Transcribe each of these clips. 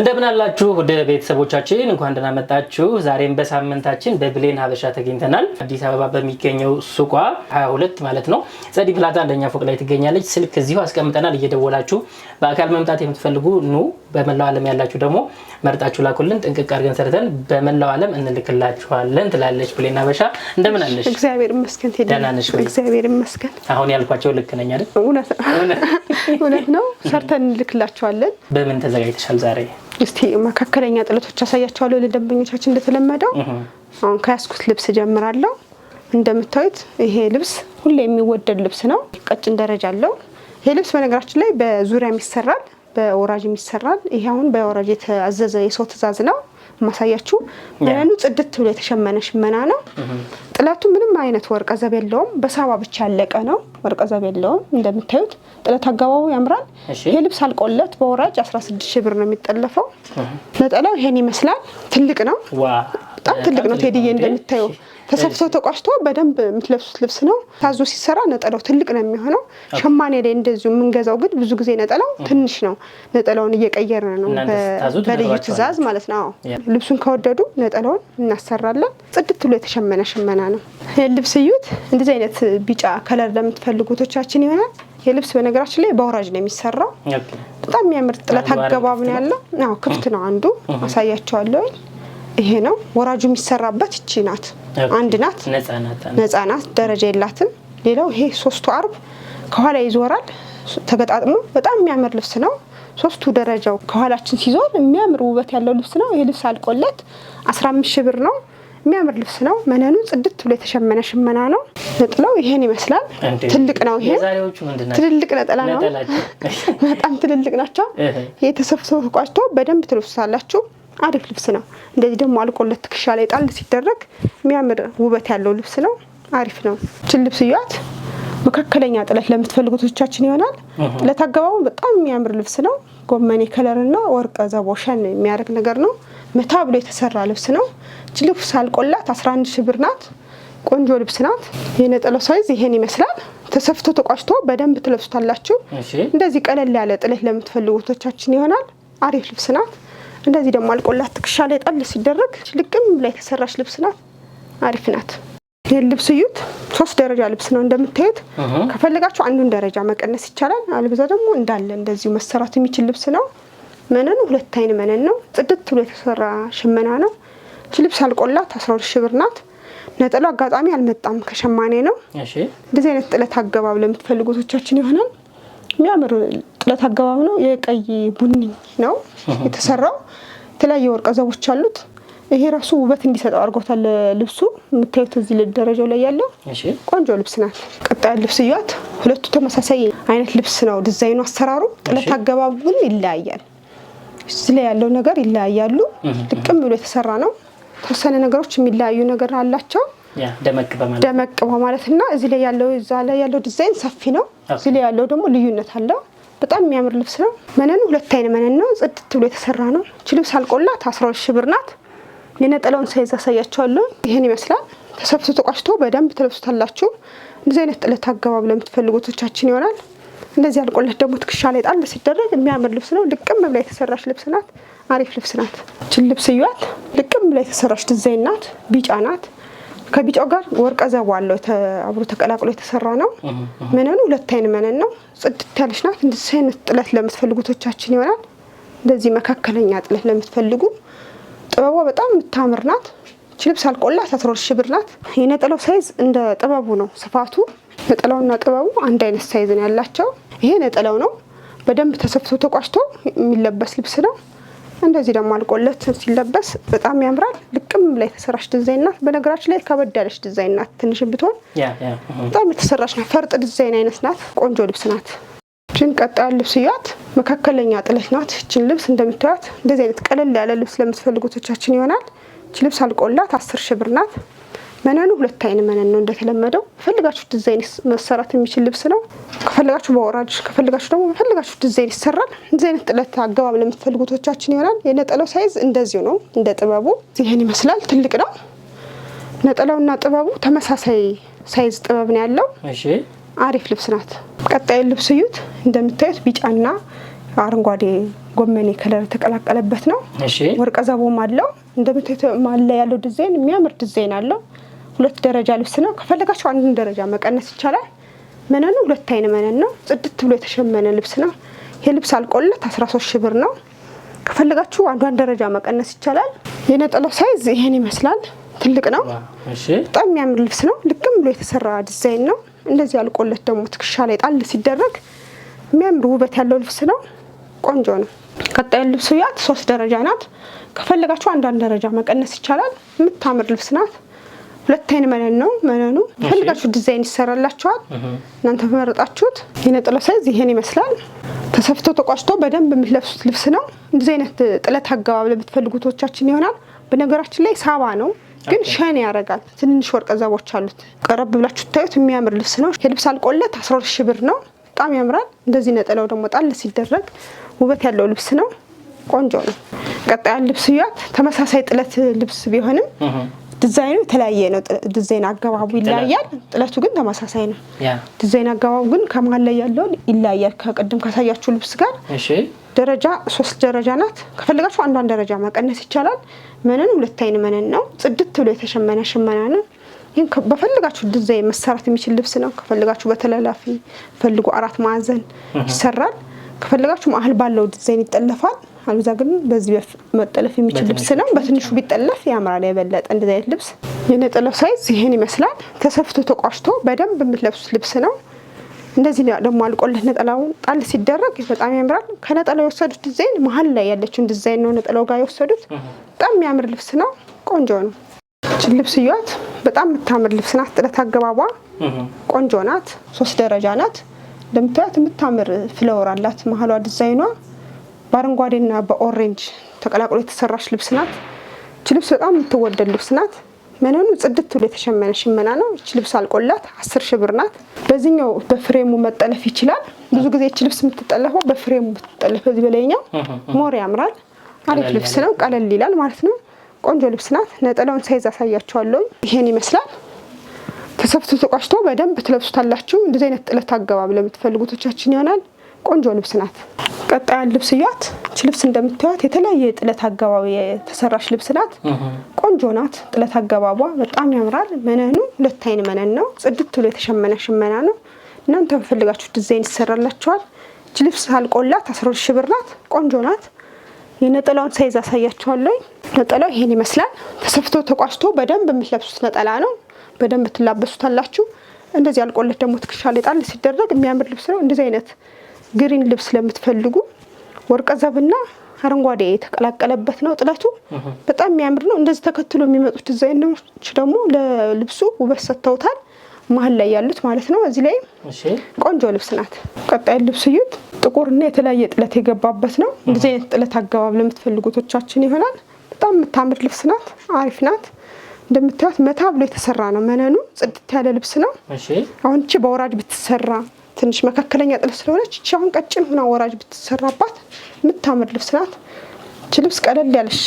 እንደምን አላችሁ ወደ ቤተሰቦቻችን እንኳን ደህና መጣችሁ። ዛሬም በሳምንታችን በብሌን ሀበሻ ተገኝተናል። አዲስ አበባ በሚገኘው ሱቋ 22 ማለት ነው ጸዲ ፕላዛ አንደኛ ፎቅ ላይ ትገኛለች። ስልክ እዚሁ አስቀምጠናል። እየደወላችሁ በአካል መምጣት የምትፈልጉ ኑ፣ በመላው ዓለም ያላችሁ ደግሞ መርጣችሁ ላኩልን። ጥንቅቅ አድርገን ሰርተን በመላው ዓለም እንልክላችኋለን ትላለች ብሌን ሀበሻ። እንደምን አለሽ? እግዚአብሔር ይመስገን። ደህና ነሽ? እግዚአብሔር ይመስገን። አሁን ያልኳቸው ልክ ነኝ አይደል? እውነት ነው፣ ሰርተን እንልክላችኋለን። በምን ተዘጋጅተሻል ዛሬ? እስቲ መካከለኛ ጥለቶች ያሳያቸዋለሁ ለደንበኞቻችን። እንደተለመደው አሁን ከያስኩት ልብስ ጀምራለሁ። እንደምታዩት ይሄ ልብስ ሁሌ የሚወደድ ልብስ ነው። ቀጭን ደረጃ አለው። ይሄ ልብስ በነገራችን ላይ በዙሪያም ይሰራል፣ በወራጅም ይሰራል። ይሄ አሁን በወራጅ የተዘዘ የሰው ትዕዛዝ ነው። ማሳያችሁ መነኑ ጽድት ብሎ የተሸመነ ሽመና ነው። ጥለቱ ምንም አይነት ወርቀ ዘብ የለውም። በሳባ ብቻ ያለቀ ነው። ወርቀ ዘብ የለውም። እንደምታዩት ጥለት አገባቡ ያምራል። ይሄ ልብስ አልቆለት በወራጅ 16 ሺ ብር ነው የሚጠለፈው። ነጠላው ይሄን ይመስላል። ትልቅ ነው፣ በጣም ትልቅ ነው ቴዲዬ እንደምታየው ተሰፍቶ ተቋጭቶ በደንብ የምትለብሱት ልብስ ነው። ታዞ ሲሰራ ነጠላው ትልቅ ነው የሚሆነው። ሸማኔ ላይ እንደዚሁ የምንገዛው ግን ብዙ ጊዜ ነጠላው ትንሽ ነው። ነጠላውን እየቀየረ ነው በልዩ ትዕዛዝ ማለት ነው። ልብሱን ከወደዱ ነጠላውን እናሰራለን። ጽድት ብሎ የተሸመነ ሽመና ነው። ልብስ እዩት። እንደዚህ አይነት ቢጫ ከለር ለምትፈልጉቶቻችን ይሆናል። የልብስ በነገራችን ላይ በአውራጅ ነው የሚሰራው። በጣም የሚያምር ጥለት አገባብ ነው ያለው። ክፍት ነው። አንዱ አሳያቸዋለሁ። ይሄ ነው ወራጁ የሚሰራበት ይቺ ናት። አንድ ናት፣ ነጻ ናት፣ ደረጃ የላትም። ሌላው ይሄ ሶስቱ አርብ ከኋላ ይዞራል ተገጣጥሞ በጣም የሚያምር ልብስ ነው። ሶስቱ ደረጃው ከኋላችን ሲዞር የሚያምር ውበት ያለው ልብስ ነው። ይህ ልብስ አልቆለት አስራ አምስት ብር ነው። የሚያምር ልብስ ነው። መነኑ ጽድት ብሎ የተሸመነ ሽመና ነው። ነጥለው ይሄን ይመስላል። ትልቅ ነው። ይሄ ትልልቅ ነጠላ ነው። በጣም ትልልቅ ናቸው። የተሰብሰቡ ቋጭቶ በደንብ ትለብሱታላችሁ። አሪፍ ልብስ ነው። እንደዚህ ደግሞ አልቆለት ትከሻ ላይ ጣል ሲደረግ የሚያምር ውበት ያለው ልብስ ነው። አሪፍ ነው። ችን ልብስ እያት መካከለኛ ጥለት ለምትፈልጉቶቻችን ይሆናል። ጥለት አገባቡ በጣም የሚያምር ልብስ ነው። ጎመኔ ከለርና ወርቀ ዘቦሸን የሚያደርግ ነገር ነው። መታ ብሎ የተሰራ ልብስ ነው። ችን ልብስ አልቆላት 11 ብር ናት። ቆንጆ ልብስ ናት። የነጠላው ሳይዝ ይሄን ይመስላል። ተሰፍቶ ተቋጭቶ በደንብ ትለብሱታላችሁ። እንደዚህ ቀለል ያለ ጥለት ለምትፈልጉቶቻችን ይሆናል። አሪፍ ልብስ ናት። እንደዚህ ደግሞ አልቆላት ትከሻ ላይ ጣል ሲደረግ ልቅም ላይ የተሰራች ልብስ ናት። አሪፍ ናት። ይህ ልብስ እዩት። ሶስት ደረጃ ልብስ ነው እንደምታዩት። ከፈለጋችሁ አንዱን ደረጃ መቀነስ ይቻላል። አልብዛ ደግሞ እንዳለ እንደዚሁ መሰራት የሚችል ልብስ ነው። መነኑ ሁለት አይን መነን ነው። ጽድት ብሎ የተሰራ ሽመና ነው። ይች ልብስ አልቆላት አስራ ሁለት ሺ ብር ናት። ነጠላ አጋጣሚ አልመጣም ከሸማኔ ነው። እንደዚህ አይነት ጥለት አገባብ ለምትፈልጉ ቶቻችን ይሆናል የሚያምር ጥለት አገባብ ነው። የቀይ ቡኒ ነው የተሰራው። የተለያየ ወርቀ ዘቦች አሉት። ይሄ ራሱ ውበት እንዲሰጠው አድርጎታል ልብሱ። የምታዩት እዚህ ደረጃው ላይ ያለው ቆንጆ ልብስ ናት። ቀጣዩ ልብስ እያት። ሁለቱ ተመሳሳይ አይነት ልብስ ነው። ዲዛይኑ፣ አሰራሩ፣ ጥለት አገባቡም ይለያያል። እዚህ ላይ ያለው ነገር ይለያያሉ። ልቅም ብሎ የተሰራ ነው። ተወሰነ ነገሮች የሚለያዩ ነገር አላቸው ደመቅ በማለት እና እዚህ ላይ ያለው እዛ ላይ ያለው ዲዛይን ሰፊ ነው። እዚህ ላይ ያለው ደግሞ ልዩነት አለው። በጣም የሚያምር ልብስ ነው። መነኑ ሁለት አይን መነን ነው። ጽድት ብሎ የተሰራ ነው። ች ልብስ አልቆላት አስራ ሁለት ሺህ ብር ናት። የነጠላውን ሳይዝ አሳያቸዋለሁ። ይህን ይመስላል። ተሰብስቶ ተቋሽቶ በደንብ ትለብሱታላችሁ። እንደዚህ አይነት ጥለት አገባብ ለምትፈልጉቶቻችን ይሆናል። እንደዚህ አልቆለት ደግሞ ትከሻ ላይ ጣል ሲደረግ የሚያምር ልብስ ነው። ልቅም ብላ የተሰራች ልብስ ናት። አሪፍ ልብስ ናት። ልብስ እዩዋት። ልቅም ብላ የተሰራች ዲዛይን ናት። ቢጫ ናት። ከቢጫው ጋር ወርቀ ዘቦ አለው አብሮ ተቀላቅሎ የተሰራ ነው። መነኑ ሁለት አይን መነን ነው። ጽድት ያለች ናት። እንደዚህ አይነት ጥለት ለምትፈልጉቶቻችን ይሆናል። እንደዚህ መካከለኛ ጥለት ለምትፈልጉ ጥበቧ በጣም የምታምር ናት። ልብስ አልቆላት አስራ ሁለት ብር ናት። የነጠላው ሳይዝ እንደ ጥበቡ ነው ስፋቱ። ነጠላውና ጥበቡ አንድ አይነት ሳይዝ ነው ያላቸው። ይሄ ነጠላው ነው። በደንብ ተሰፍቶ ተቋጭቶ የሚለበስ ልብስ ነው። እንደዚህ ደግሞ አልቆለት ሲለበስ በጣም ያምራል። ጥቅም ላይ የተሰራች ዲዛይን ናት። በነገራችን ላይ ከበድ ያለች ዲዛይን ናት። ትንሽን ብትሆን በጣም የተሰራች ናት። ፈርጥ ዲዛይን አይነት ናት። ቆንጆ ልብስ ናት። ቀጣ ቀጣዩ ልብስ እያት። መካከለኛ ጥለት ናት። ይችን ልብስ እንደምታዩት እንደዚህ አይነት ቀለል ያለ ልብስ ለምትፈልጉቶቻችን ይሆናል። ይች ልብስ አልቆላት አስር ሽብር ብር ናት። መነኑ ሁለት አይን መነን ነው እንደተለመደው። ፈልጋችሁ ዲዛይን መሰራት የሚችል ልብስ ነው። ከፈልጋችሁ በወራጅ ከፈልጋችሁ ደግሞ በፈልጋችሁ ዲዛይን ይሰራል። እዚህ አይነት ጥለት አገባብ ለምትፈልጉቶቻችን ይሆናል። የነጠላው ሳይዝ እንደዚሁ ነው፣ እንደ ጥበቡ ይህን ይመስላል። ትልቅ ነው ነጠላውና ጥበቡ ተመሳሳይ ሳይዝ ጥበብ ነው ያለው። አሪፍ ልብስ ናት። ቀጣይ ልብስ እዩት። እንደምታዩት ቢጫና አረንጓዴ ጎመኔ ከለር የተቀላቀለበት ነው። ወርቀ ዘቦም አለው። እንደምታዩት ማለ ያለው ዲዛይን የሚያምር ዲዛይን አለው። ሁለት ደረጃ ልብስ ነው። ከፈለጋችሁ አንድን ደረጃ መቀነስ ይቻላል። መነኑ ሁለት አይን መነን ነው። ጽድት ብሎ የተሸመነ ልብስ ነው። ይህ ልብስ አልቆለት 13 ሺህ ብር ነው። ከፈለጋችሁ አንዷን ደረጃ መቀነስ ይቻላል። የነጠላው ሳይዝ ይሄን ይመስላል። ትልቅ ነው። በጣም የሚያምር ልብስ ነው። ልቅም ብሎ የተሰራ ዲዛይን ነው። እንደዚህ አልቆለት ደግሞ ትከሻ ላይ ጣል ሲደረግ የሚያምር ውበት ያለው ልብስ ነው። ቆንጆ ነው። ቀጣዩ ልብስ ያት ሶስት ደረጃ ናት። ከፈለጋችሁ አንዷን ደረጃ መቀነስ ይቻላል። የምታምር ልብስ ናት። ሁለት አይን መነን ነው። መነኑ ፈልጋችሁ ዲዛይን ይሰራላችኋል። እናንተ በመረጣችሁት የነጥለው ሳይዝ ይሄን ይመስላል። ተሰፍቶ ተቋጭቶ በደንብ የምትለብሱት ልብስ ነው። እንደዚህ አይነት ጥለት አገባብ ለምትፈልጉቶቻችን ይሆናል። በነገራችን ላይ ሳባ ነው ግን ሸን ያደርጋል። ትንንሽ ወርቀ ዘቦች አሉት። ቀረብ ብላችሁ ታዩት የሚያምር ልብስ ነው። የልብስ አልቆለት 12 ሺ ብር ነው። በጣም ያምራል። እንደዚህ ነጠላው ደግሞ ጣል ሲደረግ ውበት ያለው ልብስ ነው። ቆንጆ ነው። ቀጣያን ልብስ እያት ተመሳሳይ ጥለት ልብስ ቢሆንም ዲዛይኑ የተለያየ ነው። ዲዛይን አገባቡ ይለያያል። ጥለቱ ግን ተመሳሳይ ነው። ዲዛይን አገባቡ ግን ከመሀል ላይ ያለውን ይለያል። ከቅድም ካሳያችሁ ልብስ ጋር ደረጃ ሶስት ደረጃ ናት። ከፈለጋችሁ አንዷን ደረጃ መቀነስ ይቻላል። መነን ሁለት አይን መነን ነው። ጽድት ብሎ የተሸመነ ሽመና ነው። ይህን በፈልጋችሁ ዲዛይን መሰራት የሚችል ልብስ ነው። ከፈልጋችሁ በተላላፊ ፈልጉ አራት ማዕዘን ይሰራል። ከፈለጋችሁ መሀል ባለው ዲዛይን ይጠለፋል። አልዛ ግን በዚህ መጠለፍ የሚችል ልብስ ነው። በትንሹ ቢጠለፍ ያምራል የበለጠ እንደዚህ አይነት ልብስ። የነጠላው ሳይዝ ይህን ይመስላል። ተሰፍቶ ተቋሽቶ በደንብ የምትለብሱት ልብስ ነው። እንደዚህ ደግሞ አልቆለት ነጠላውን ጣል ሲደረግ በጣም ያምራል። ከነጠላው የወሰዱት ዲዛይን መሀል ላይ ያለችውን ዲዛይን ነው ነጠላው ጋር የወሰዱት። በጣም የሚያምር ልብስ ነው። ቆንጆ ነው። ችን ልብስ እያት በጣም የምታምር ልብስ ናት። ጥለት አገባቧ ቆንጆ ናት። ሶስት ደረጃ ናት። እንደምታዩት የምታምር ፍለወር አላት። መሀሏ ዲዛይኗ በአረንጓዴና በኦሬንጅ ተቀላቅሎ የተሰራች ልብስ ናት። እች ልብስ በጣም የምትወደድ ልብስ ናት። መነኑ ጽድት ብሎ የተሸመነ ሽመና ነው። እች ልብስ አልቆላት አስር ሽብር ብር ናት። በዚህኛው በፍሬሙ መጠለፍ ይችላል። ብዙ ጊዜ እች ልብስ የምትጠለፈው በፍሬሙ የምትጠለፍ በዚህ በላይኛው ሞር ያምራል። አሪፍ ልብስ ነው። ቀለል ይላል ማለት ነው። ቆንጆ ልብስ ናት። ነጠላውን ሳይዝ አሳያቸዋለሁ ይሄን ይመስላል። ተሰፍቶ ተቋሽቶ በደንብ ትለብሱታላችሁ። እንደዚህ አይነት ጥለት አገባብ ለምትፈልጉቶቻችን ይሆናል። ቆንጆ ልብስ ናት። ቀጣያን ልብስ እያት። እች ልብስ እንደምታዩት የተለያየ ጥለት አገባብ የተሰራች ልብስ ናት። ቆንጆ ናት። ጥለት አገባቧ በጣም ያምራል። መነኑ ሁለት አይን መነን ነው። ጽድት ብሎ የተሸመነ ሽመና ነው። እናንተ በፈልጋችሁ ዲዛይን ይሰራላችኋል። እች ልብስ አልቆላት አስራ ሁለት ብር ናት። ቆንጆ ናት። የነጠላውን ሳይዝ አሳያችኋለሁ። ነጠላው ይሄን ይመስላል። ተሰፍቶ ተቋስቶ በደንብ የምትለብሱት ነጠላ ነው። በደንብ ትላበሱታላችሁ። እንደዚህ አልቆለት ደግሞ ትከሻ ላይ ጣል ሲደረግ የሚያምር ልብስ ነው። እንደዚህ አይነት ግሪን ልብስ ለምትፈልጉ ዘብና አረንጓዴ የተቀላቀለበት ነው። ጥለቱ በጣም የሚያምር ነው። እንደዚህ ተከትሎ የሚመጡት ዲዛይኖች ደግሞ ለልብሱ ውበት ሰጥተውታል። መሀል ላይ ያሉት ማለት ነው። እዚህ ላይ ቆንጆ ልብስ ናት። ቀጣይ ልብስ እዩት። ጥቁርና የተለያየ ጥለት የገባበት ነው። እንደዚህ አይነት ጥለት አገባብ ለምትፈልጉቶቻችን ይሆናል። በጣም የምታምር ልብስ ናት። አሪፍ ናት። እንደምታዩት መታ ብሎ የተሰራ ነው። መነኑ ጽድት ያለ ልብስ ነው። አሁን እቺ በወራጅ ብትሰራ ትንሽ መካከለኛ ጥልፍ ስለሆነች እቺ አሁን ቀጭን ሆና ወራጅ ብትሰራባት የምታምር ልብስ ናት። እቺ ልብስ ቀለል ያለሽ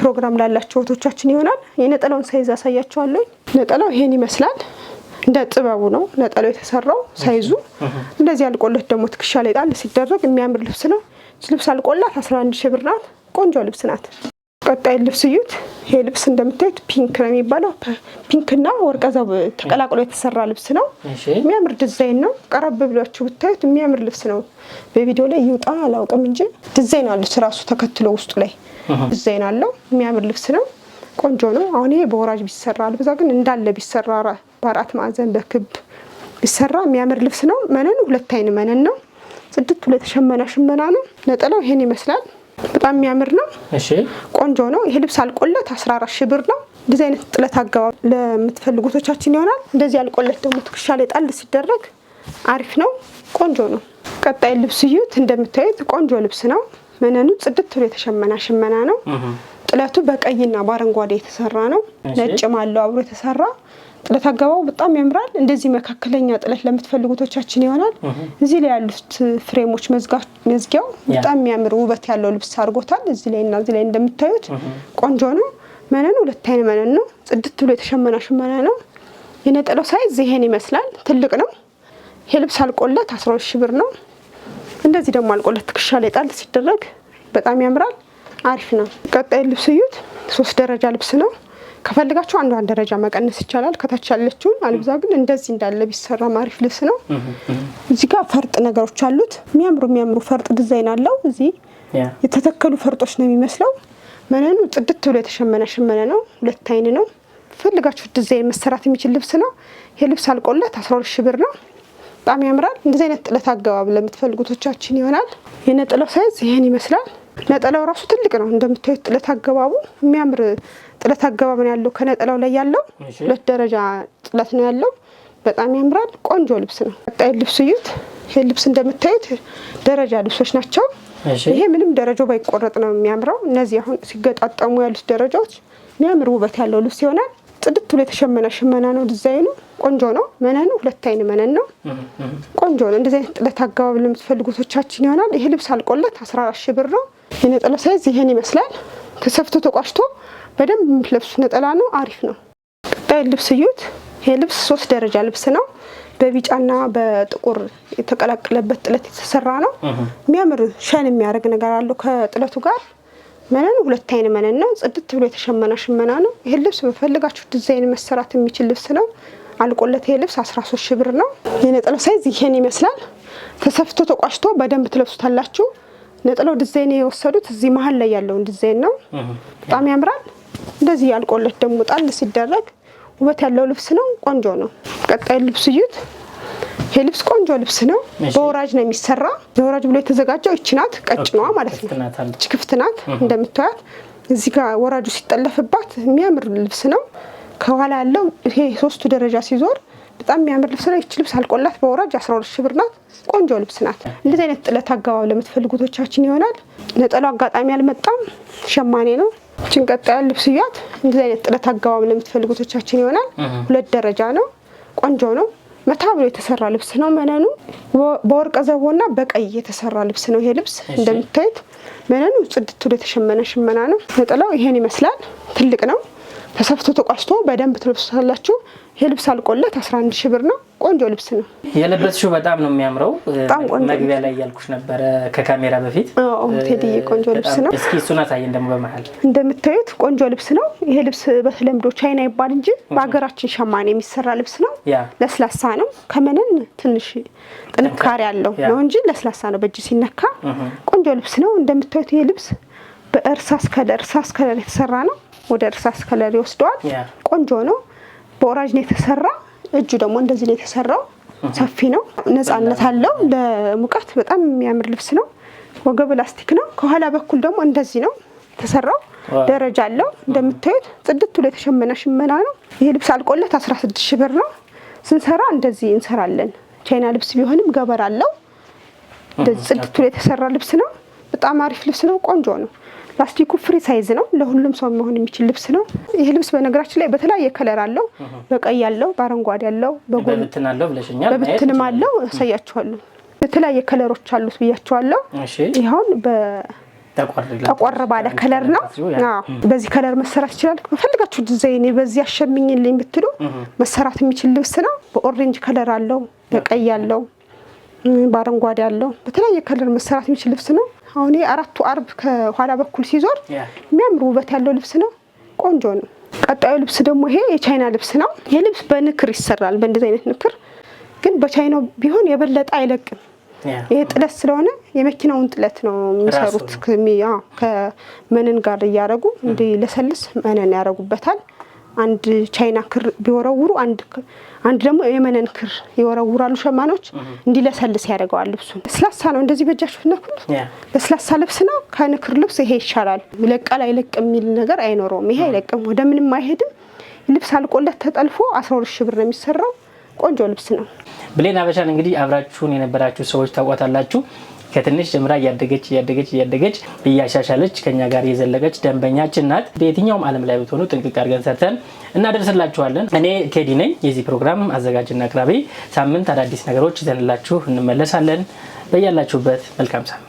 ፕሮግራም ላላቸው ወቶቻችን ይሆናል። የነጠላውን ሳይዝ አሳያቸዋለሁ። ነጠላው ይሄን ይመስላል። እንደ ጥበቡ ነው ነጠላው የተሰራው። ሳይዙ እንደዚህ አልቆለት ደግሞ ትከሻ ላይ ጣል ሲደረግ የሚያምር ልብስ ነው። ልብስ አልቆላት 11 ሺህ ብር ናት። ቆንጆ ልብስ ናት። ቀጣይ ልብስ እዩት። ይሄ ልብስ እንደምታዩት ፒንክ ነው የሚባለው። ፒንክና ወርቀዛ ተቀላቅሎ የተሰራ ልብስ ነው። የሚያምር ዲዛይን ነው። ቀረብ ብላችሁ ብታዩት የሚያምር ልብስ ነው። በቪዲዮ ላይ ይውጣ አላውቅም እንጂ ዲዛይን አለ ራሱ ተከትሎ ውስጡ ላይ ዲዛይን አለው። የሚያምር ልብስ ነው። ቆንጆ ነው። አሁን ይሄ በወራጅ ቢሰራ አልብዛ ግን እንዳለ ቢሰራ በአራት ማዕዘን በክብ ቢሰራ የሚያምር ልብስ ነው። መነን ሁለት አይን መነን ነው። ጽድት ብሎ የተሸመነ ሽመና ነው። ነጠላው ይሄን ይመስላል። በጣም የሚያምር ነው። ቆንጆ ነው። ይሄ ልብስ አልቆለት 14 ሺህ ብር ነው። እንደዚህ አይነት ጥለት አገባብ ለምትፈልጉቶቻችን ይሆናል። እንደዚህ አልቆለት ደግሞ ትከሻ ላይ ጣል ሲደረግ አሪፍ ነው። ቆንጆ ነው። ቀጣይ ልብስ እዩት። እንደምታዩት ቆንጆ ልብስ ነው። መነኑ ጽድት ብሎ የተሸመና ሽመና ነው። ጥለቱ በቀይና በአረንጓዴ የተሰራ ነው። ነጭም አለው አብሮ የተሰራ ጥለት አገባቡ በጣም ያምራል። እንደዚህ መካከለኛ ጥለት ለምትፈልጉቶቻችን ይሆናል። እዚህ ላይ ያሉት ፍሬሞች መዝጊያው በጣም የሚያምር ውበት ያለው ልብስ አድርጎታል። እዚህ ላይ እና እዚህ ላይ እንደምታዩት ቆንጆ ነው። መነን ሁለት አይነ መነን ነው። ጽድት ብሎ የተሸመና ሽመና ነው። የነጠለው ሳይዝ ይሄን ይመስላል። ትልቅ ነው። ይሄ ልብስ አልቆለት አስራ ሁለት ብር ነው። እንደዚህ ደግሞ አልቆለት ትከሻ ላይ ጣል ሲደረግ በጣም ያምራል። አሪፍ ነው። ቀጣይ ልብስ እዩት። ሶስት ደረጃ ልብስ ነው። ከፈልጋችሁ አንዷን ደረጃ መቀነስ ይቻላል። ከታች ያለችውን አልብዛ፣ ግን እንደዚህ እንዳለ ቢሰራ ማሪፍ ልብስ ነው። እዚህ ጋር ፈርጥ ነገሮች አሉት። የሚያምሩ የሚያምሩ ፈርጥ ዲዛይን አለው። እዚህ የተተከሉ ፈርጦች ነው የሚመስለው። መነኑ ጥድት ብሎ የተሸመነ ሽመነ ነው። ሁለት አይን ነው። ፈልጋችሁ ዲዛይን መሰራት የሚችል ልብስ ነው። ይህ ልብስ አልቆለት 12 ሺ ብር ነው። በጣም ያምራል። እንደዚህ አይነት ጥለት አገባብ ለምትፈልጉቶቻችን ይሆናል። የነጥለው ሳይዝ ይህን ይመስላል። ነጠላው ራሱ ትልቅ ነው እንደምታዩት። ጥለት አገባቡ የሚያምር ጥለት አገባብ ነው ያለው። ከነጠላው ላይ ያለው ሁለት ደረጃ ጥለት ነው ያለው። በጣም ያምራል። ቆንጆ ልብስ ነው። ቀጣይ ልብስ እዩት። ይህ ልብስ እንደምታዩት ደረጃ ልብሶች ናቸው። ይሄ ምንም ደረጃው ባይቆረጥ ነው የሚያምረው። እነዚህ አሁን ሲገጣጠሙ ያሉት ደረጃዎች የሚያምር ውበት ያለው ልብስ ይሆናል። ጥድት ብሎ የተሸመነ ሽመና ነው። ዲዛይኑ ቆንጆ ነው። መነኑ ሁለት አይን መነን ነው። ቆንጆ ነው። እንደዚህ አይነት ጥለት አገባብ ለምትፈልጉ ይሆናል። ይሄ ልብስ አልቆለት አስራ አራት ሺ ብር ነው። የነጠላ ሳይዝ ይሄን ይመስላል። ተሰፍቶ ተቋሽቶ በደንብ የምትለብሱት ነጠላ ነው። አሪፍ ነው። ቀጣይ ልብስ እዩት። ይሄ ልብስ ሶስት ደረጃ ልብስ ነው። በቢጫና በጥቁር የተቀላቀለበት ጥለት የተሰራ ነው። የሚያምር ሸን የሚያደርግ ነገር አለው ከጥለቱ ጋር። መነን ሁለት አይን መነን ነው። ጽድት ብሎ የተሸመነ ሽመና ነው። ይሄ ልብስ በፈልጋችሁ ዲዛይን መሰራት የሚችል ልብስ ነው። አልቆለት ይሄ ልብስ 13 ብር ነው። የነጠላ ሳይዝ ይሄን ይመስላል። ተሰፍቶ ተቋሽቶ በደንብ ትለብሱታላችሁ። ነጥለው ዲዛይን የወሰዱት እዚህ መሀል ላይ ያለውን ዲዛይን ነው። በጣም ያምራል። እንደዚህ ያልቆለት ደግሞ ጣል ሲደረግ ውበት ያለው ልብስ ነው። ቆንጆ ነው። ቀጣይ ልብስ እዩት። ይሄ ልብስ ቆንጆ ልብስ ነው። በወራጅ ነው የሚሰራ። በወራጅ ብሎ የተዘጋጀው እች ናት፣ ቀጭኗ ማለት ነው። ክፍት ናት እንደምታያት። እዚህ ጋር ወራጁ ሲጠለፍባት የሚያምር ልብስ ነው። ከኋላ ያለው ይሄ ሶስቱ ደረጃ ሲዞር በጣም የሚያምር ልብስ ነው። ይች ልብስ አልቆላት በወራጅ 12 ሺ ብር ናት። ቆንጆ ልብስ ናት። እንደዚህ አይነት ጥለት አገባብ ለምትፈልጉቶቻችን ይሆናል። ነጠላው አጋጣሚ አልመጣም፣ ሸማኔ ነው። ይችን ያለ ልብስ እያት። እንደዚህ አይነት ጥለት አገባብ ለምትፈልጉቶቻችን ይሆናል። ሁለት ደረጃ ነው። ቆንጆ ነው። መታ ብሎ የተሰራ ልብስ ነው። መነኑ በወርቀ ዘቦና በቀይ የተሰራ ልብስ ነው። ይሄ ልብስ እንደምታዩት መነኑ ጽድት ብሎ የተሸመነ ሽመና ነው። ነጠላው ይሄን ይመስላል። ትልቅ ነው። ተሰፍቶ ተቋስቶ በደንብ ትለብሱታላችሁ። ይሄ ልብስ አልቆለት 11 ሺህ ብር ነው። ቆንጆ ልብስ ነው የለበስሽው። በጣም ነው የሚያምረው። መግቢያ ላይ እያልኩሽ ነበረ ከካሜራ በፊት ቴዲዬ፣ ቆንጆ ልብስ ነው። እስኪ እሱን አሳየን ደግሞ በመሀል እንደምታዩት ቆንጆ ልብስ ነው። ይሄ ልብስ በተለምዶ ቻይና ይባል እንጂ በሀገራችን ሸማኔ የሚሰራ ልብስ ነው። ለስላሳ ነው። ከምንን ትንሽ ጥንካሬ አለው ነው እንጂ ለስላሳ ነው። በእጅ ሲነካ ቆንጆ ልብስ ነው። እንደምታዩት ይሄ ልብስ በእርሳስ ከለር እርሳስ ከለር የተሰራ ነው። ወደ እርሳስ ከለር ይወስደዋል። ቆንጆ ነው። በወራጅ ነው የተሰራ። እጁ ደግሞ እንደዚህ ነው የተሰራው። ሰፊ ነው። ነፃነት አለው። ለሙቀት በጣም የሚያምር ልብስ ነው። ወገብ ላስቲክ ነው። ከኋላ በኩል ደግሞ እንደዚህ ነው የተሰራው። ደረጃ አለው። እንደምታዩት ጽድት ብሎ የተሸመነ ሽመና ነው። ይህ ልብስ አልቆለት 16 ሺህ ብር ነው። ስንሰራ እንደዚህ እንሰራለን። ቻይና ልብስ ቢሆንም ገበር አለው። ጽድት ብሎ የተሰራ ልብስ ነው። በጣም አሪፍ ልብስ ነው። ቆንጆ ነው። ላስቲኩ ፍሪ ሳይዝ ነው። ለሁሉም ሰው መሆን የሚችል ልብስ ነው። ይህ ልብስ በነገራችን ላይ በተለያየ ከለር አለው። በቀይ አለው፣ በአረንጓዴ አለው፣ በብትንም አለው። ያሳያችኋለሁ። የተለያየ ከለሮች አሉት ብያቸዋለሁ። ይኸውን ጠቆር ባለ ከለር ነው። በዚህ ከለር መሰራት ይችላል። በፈልጋችሁ ዲዛይን በዚህ አሸምኝልኝ ብትሉ መሰራት የሚችል ልብስ ነው። በኦሬንጅ ከለር አለው፣ በቀይ አለው፣ በአረንጓዴ አለው። በተለያየ ከለር መሰራት የሚችል ልብስ ነው። አሁን አራቱ አርብ ከኋላ በኩል ሲዞር የሚያምር ውበት ያለው ልብስ ነው። ቆንጆ ነው። ቀጣዩ ልብስ ደግሞ ይሄ የቻይና ልብስ ነው። ይህ ልብስ በንክር ይሰራል። በእንደዚህ አይነት ንክር ግን በቻይናው ቢሆን የበለጠ አይለቅም። ይሄ ጥለት ስለሆነ የመኪናውን ጥለት ነው የሚሰሩት። ከመንን ጋር እያደረጉ እንዲለሰልስ መነን ያደረጉበታል። አንድ ቻይና ክር ቢወረውሩ አንድ አንድ ደግሞ የመነን ክር ይወረውራሉ ሸማኖች፣ እንዲለሰልስ ያደርገዋል ልብሱን። ለስላሳ ነው፣ እንደዚህ በእጃችሁ ነኩት፣ ለስላሳ ልብስ ነው። ከንክር ልብስ ይሄ ይሻላል። ይለቃል፣ አይለቅ የሚል ነገር አይኖረውም። ይሄ አይለቅም፣ ወደ ምንም አይሄድም። ልብስ አልቆለት ተጠልፎ አስራ ሁለት ሺህ ብር ነው የሚሰራው። ቆንጆ ልብስ ነው። ብሌን ሀበሻን እንግዲህ አብራችሁን የነበራችሁ ሰዎች ታውቋታላችሁ። ከትንሽ ጀምራ እያደገች እያደገች እያደገች እያሻሻለች ከኛ ጋር የዘለቀች ደንበኛችን ናት። በየትኛውም ዓለም ላይ ብትሆኑ ጥንቅቅ አድርገን ሰርተን እናደርስላችኋለን። እኔ ቴዲ ነኝ፣ የዚህ ፕሮግራም አዘጋጅና አቅራቢ። ሳምንት አዳዲስ ነገሮች ይዘንላችሁ እንመለሳለን። በያላችሁበት መልካም ሳምንት